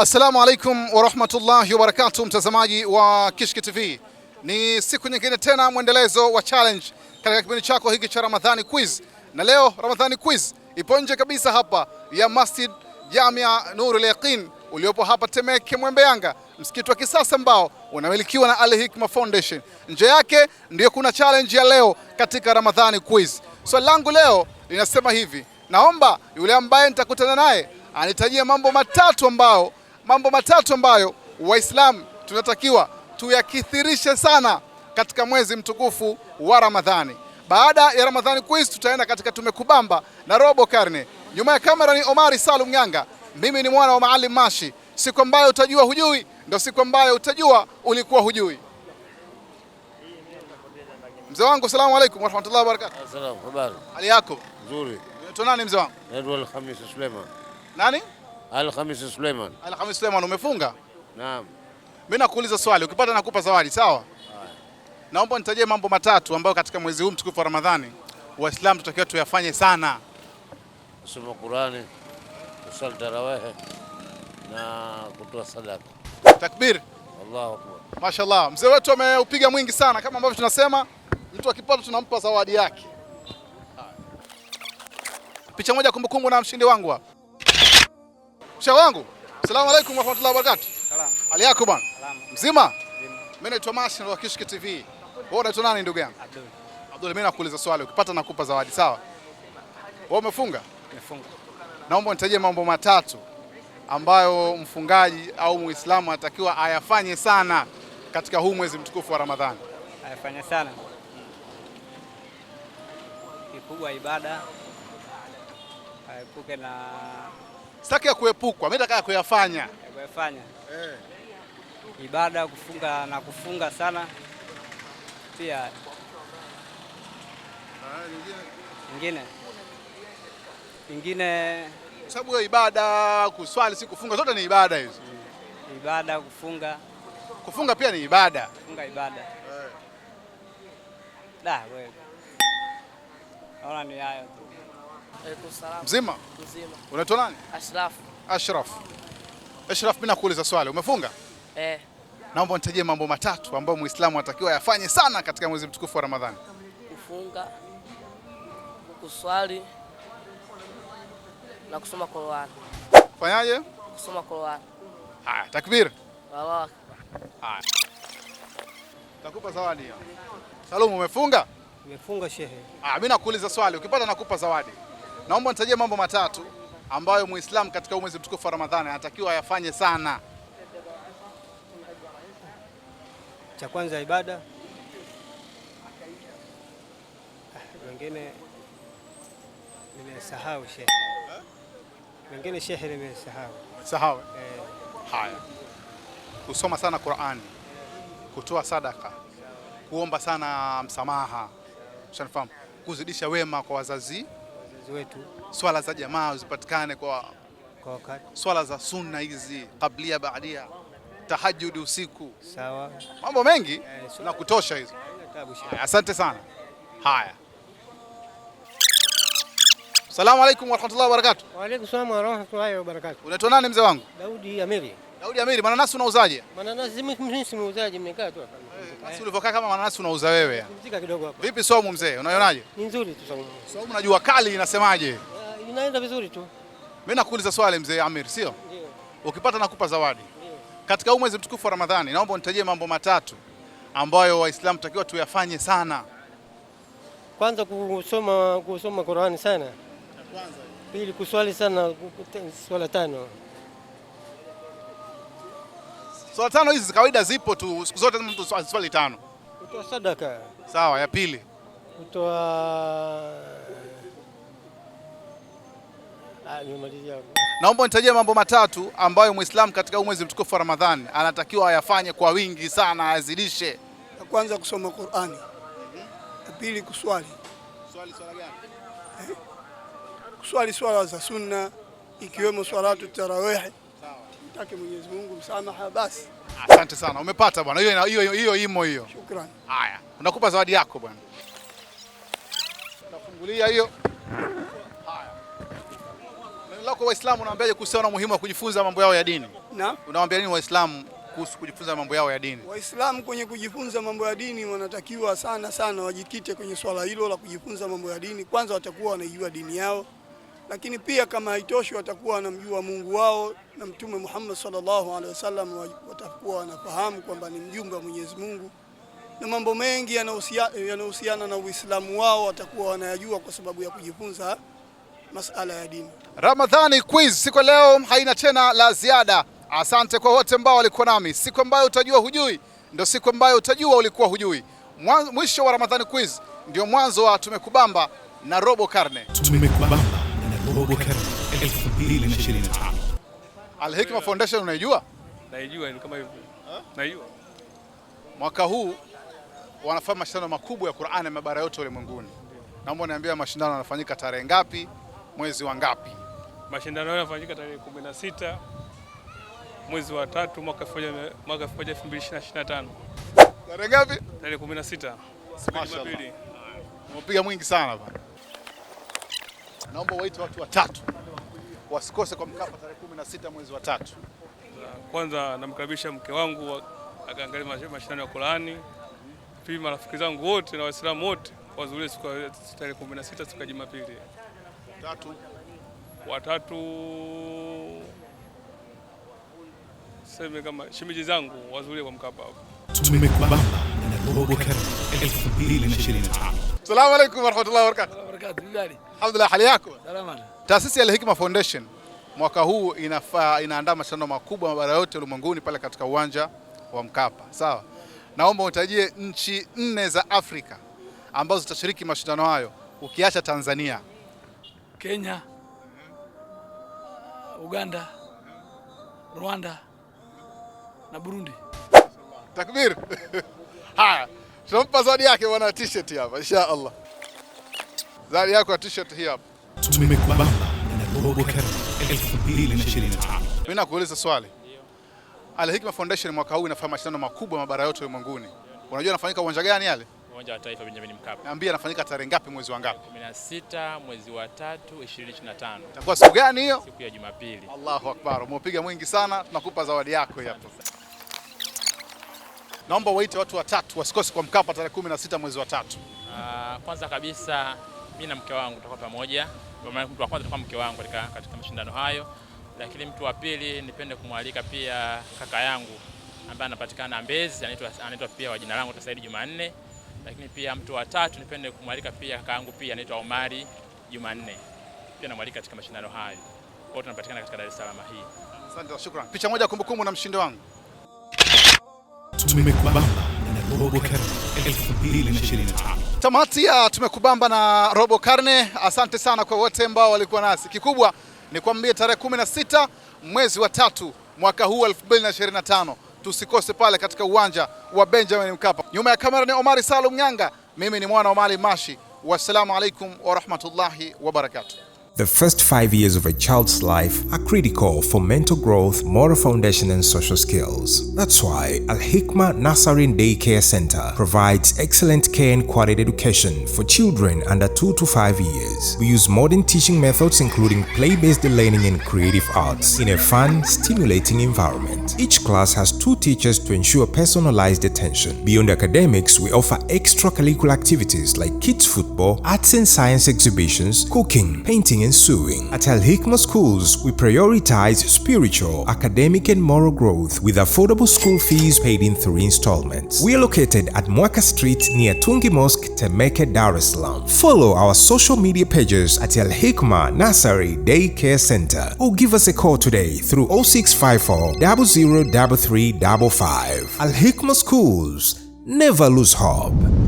Assalamu alaikum warahmatullahi wabarakatu mtazamaji wa Kishki TV, ni siku nyingine tena mwendelezo wa challenge katika kipindi chako hiki cha Ramadhani Quiz, na leo Ramadhani Quiz ipo nje kabisa hapa ya Masjid Jamia Nurul Yaqin uliopo hapa Temeke Mwembe Yanga, msikiti wa kisasa ambao unamilikiwa na Al Hikma Foundation. Nje yake ndiyo kuna challenge ya leo katika Ramadhani Quiz. Swali so, langu leo linasema hivi, naomba yule ambaye nitakutana naye anitajia mambo matatu ambao mambo matatu ambayo Waislamu tunatakiwa tuyakithirishe sana katika mwezi mtukufu wa Ramadhani. Baada ya Ramadhani quiz tutaenda katika tumekubamba na robo karne. Nyuma ya kamera ni Omari Salum Ng'anga, mimi ni mwana wa Maalim Mashi. Siku ambayo utajua hujui ndio siku ambayo utajua ulikuwa hujui. Mzee wangu, salamu alaykum warahmatullahi wabarakatuh. Asalamu, habari? Hali yako? Nzuri. Unaitwa nani mzee wangu? Edward Hamisi Suleiman. Nani? Alhamisi Suleiman. Alhamisi Suleiman, umefunga? Naam. Mimi nakuuliza swali, ukipata nakupa zawadi, sawa? Naomba nitajie mambo matatu ambayo katika mwezi huu mtukufu wa Ramadhani Waislamu tutakiwa tuyafanye sana. Kusoma Qurani, kusali tarawih na kutoa sadaka. Takbir. Allahu Akbar. Mashaallah. Mzee wetu ameupiga mwingi sana kama ambavyo tunasema mtu akipata tunampa zawadi yake. Picha moja kumbukumbu na mshindi wangu hapa. Mshaa wangu, salamu alaikum warahmatullahi wabarakatu. Salamu. Hali yako bwana? Salamu. Mzima? Mzima. Mimi naitwa Mashi na Kishki TV. Wewe unaitwa nani ndugu yangu? Abdul. Abdul, mimi nakuuliza swali, ukipata nakupa zawadi, sawa? Wewe umefunga? Nimefunga. Naomba nitajie mambo matatu ambayo mfungaji au Muislamu anatakiwa ayafanye sana katika huu mwezi mtukufu wa Ramadhani. Ayafanye sana. Kikubwa ibada. Aepuke na Sitaki ya kuepukwa, mimi nataka ya kuyafanya. kuyafanya. Eh. Ibada kufunga na kufunga sana pia. Ah, nyingine. Nyingine. Sababu ya ibada, kuswali si kufunga, zote ni ibada hizo. Hmm. Ibada kufunga. Kufunga pia ni ibada. Kufunga ibada. Eh. Da, wewe. Naona ni hayo tu. Eh, Mzima? Mzima. Unaitwa nani? Ashraf. Ashraf. Ashraf, mimi nakuuliza swali. Umefunga? Eh. Naomba nitajie mambo matatu ambayo Muislamu anatakiwa yafanye sana katika mwezi mtukufu wa Ramadhani. Kufunga, kuswali na kusoma Qur'an. Fanyaje? Kusoma Qur'an. Haya, takbir. Allahu Akbar. Takupa zawadi. Salamu, umefunga? Umefunga, shehe. Ah, mimi nakuuliza swali. Ukipata nakupa zawadi. Naomba nitajie mambo matatu ambayo Muislamu katika mwezi mtukufu wa Ramadhani anatakiwa ayafanye sana. Cha kwanza ibada, wengine ah, nimesahau shehe, wengine shehe nimesahau sahau. Eh, haya, kusoma sana Qur'ani, kutoa sadaka, kuomba sana msamaha, ushanifahamu, kuzidisha wema kwa wazazi wazazi wetu, swala za jamaa zipatikane kwa, kwa wakati, swala za sunna hizi kablia baadia, tahajjud usiku, sawa, mambo mengi eh, na kutosha hizo. Asante sana. Haya, Assalamu alaykum wa rahmatullahi wa barakatuh. Wa alaykum salaam wa rahmatullahi wa barakatuh. Unaitwa nani mzee wangu? Daudi Amiri. Daudi Amiri, mananasi unauzaje? Mananasi mimi si muuzaji, nimekaa tu hapa. Basi eh, ulivyokaa kama mananasi unauza wewe. Pumzika kidogo hapa. Vipi somo mzee, unaionaje? Ni nzuri tu somo. Somo unajua kali inasemaje? Eh, inaenda vizuri tu. Mimi nakuuliza swali mzee Amir, sio? Ndio. Ukipata nakupa zawadi. Ndio. Katika huu mwezi mtukufu wa Ramadhani, naomba unitajie mambo matatu ambayo Waislamu takiwa tuyafanye sana. Kwanza kusoma kusoma Qur'ani sana. Kwanza. Pili kuswali sana swala tano. Swala tano hizi kawaida zipo tu siku zote, mtu swali tano. Kutoa sadaka. Sawa, ya pili. Kutoa ah, Naomba nitajie mambo matatu ambayo Muislamu katika huu mwezi mtukufu wa Ramadhani anatakiwa ayafanye kwa wingi sana, azidishe. Ya kwanza kusoma Qur'ani. Ya pili kuswali. Swali swala gani? Eh? Kuswali swala za sunna ikiwemo swalatu tarawih atake Mwenyezi Mungu msamaha basi. Asante sana, umepata bwana. Hiyo hiyo hiyo imo hiyo. Shukrani. Haya, unakupa zawadi yako bwana, nafungulia hiyo. Haya, neno lako Waislamu unawaambiaje kuhusiana na umuhimu wa kujifunza mambo yao ya dini? Na unawaambia nini Waislamu kuhusu kujifunza mambo yao ya dini? Waislamu kwenye kujifunza mambo ya dini wanatakiwa sana sana wajikite kwenye swala hilo la kujifunza mambo ya dini. Kwanza watakuwa wanaijua dini yao lakini pia kama haitoshi watakuwa wanamjua Mungu wao na Mtume Muhammad sallallahu alaihi wasallam, watakuwa wanafahamu kwamba ni mjumbe wa Mwenyezi Mungu na mambo mengi yanayohusiana na Uislamu wao watakuwa wanayajua kwa sababu ya kujifunza masala ya dini. Ramadhani Quiz siku ya leo haina tena la ziada. Asante kwa wote ambao walikuwa nami. Siku ambayo utajua hujui ndio siku ambayo utajua ulikuwa hujui. Mwisho wa Ramadhani Quiz ndio mwanzo wa Tumekubamba na robo karne. Tumekubamba. Abubakar2025. Al-Hikma Foundation unaijua? Naijua ni kama hivyo. Naijua. Mwaka huu wanafanya mashindano makubwa ya Qur'an Qur'ani mabara yote ulimwenguni. Naomba niambie mashindano yanafanyika tarehe ngapi, mwezi wa ngapi? Mashindano yanafanyika tarehe 16 mwezi wa tatu mwaka 2025. Tarehe ngapi? Tarehe 16. Mpiga mwingi sana bwana naomba waite watu watatu wasikose kwa Mkapa tarehe na sita mwezi wa tatu. Kwanza namkaribisha mke wangu akaangalia mashindano ya Qur'ani, pili marafiki zangu wote na Waislamu wote wazuri siku ya tarehe sita siku ya Jumapili. Tatu watatu seme kama shimiji zangu wazuri kwa Mkapa hapo. Tumekubamba na Robo 2025. Asalamu alaykum warahmatullahi wabarakatuh. Alhamdulillah, hali yako? Salama. Taasisi ya Al-Hikma Foundation mwaka huu inafaa inaandaa mashindano makubwa mabara yote ulimwenguni pale katika uwanja wa Mkapa. Sawa, naomba utajie nchi nne za Afrika ambazo zitashiriki mashindano hayo ukiacha Tanzania. Kenya, Uganda, Rwanda na Burundi. Takbir! Haya, tunampa zawadi yake bwana t-shirt hapa insha Allah zari yako ya t-shirt hii hapa. Tumekubamba na Global Cup 2025. Mimi nakuuliza swali. Al Hikma Foundation mwaka huu inafanya mashindano makubwa mabara yote ulimwenguni. Unajua anafanyika uwanja gani yale? Uwanja wa Taifa Benjamin Mkapa. Niambia anafanyika tarehe ngapi mwezi wa ngapi? 16 mwezi wa 3 2025. Itakuwa siku gani hiyo? Siku ya Jumapili. Allahu Akbar. Umepiga mwingi sana, tunakupa zawadi yako hapa. Naomba waite watu watatu wasikose kwa Mkapa tarehe 16 mwezi wa tatu. Uh, kwanza kabisa mimi na mke wangu tutakuwa pamoja. Kwa maana mtu wa kwanza mke wangu katika, katika mashindano hayo, lakini mtu wa pili nipende kumwalika pia kaka yangu ambaye anapatikana Mbezi, anaitwa pia wa jina langu Saidi Jumanne, lakini pia mtu wa tatu nipende kumwalika pia kaka yangu pia anaitwa Omari Jumanne, pia namwalika katika mashindano hayo. hiyo tunapatikana katika Dar es Salaam hii. Asante, shukrani. Picha moja kumbukumbu na mshindi wangu. Tumekubana na Robo Karibu 2025. Tamati ya tumekubamba na robo karne. Asante sana kwa wote ambao walikuwa nasi. Kikubwa ni kuambia tarehe 16 mwezi wa tatu mwaka huu 2025 tusikose pale katika uwanja wa Benjamin Mkapa. Nyuma ya kamera ni Omari Salum nyanga mimi ni mwana wa Mali Mashi. Wassalamu alaikum warahmatullahi wabarakatuh. The first five years of a child's life are critical for mental growth, moral foundation, and social skills. That's why Al Hikma Nasarin Daycare Center provides excellent care and quality education for children under 2 to 5 years. We use modern teaching methods including play based learning and creative arts in a fun, stimulating environment. Each class has two teachers to ensure personalized attention. Beyond academics, we offer extracurricular activities like kids' football, arts and science exhibitions, cooking, painting teaching At Al Hikma schools, we prioritize spiritual, academic, and moral growth with affordable school fees paid in three installments. We are located at Mwaka Street near Tungi Mosque, Temeke, Dar es Salaam. Follow our social media pages at Al Hikma Nasari Daycare Center or give us a call today through 0654 Al Hikma Schools. Never lose hope.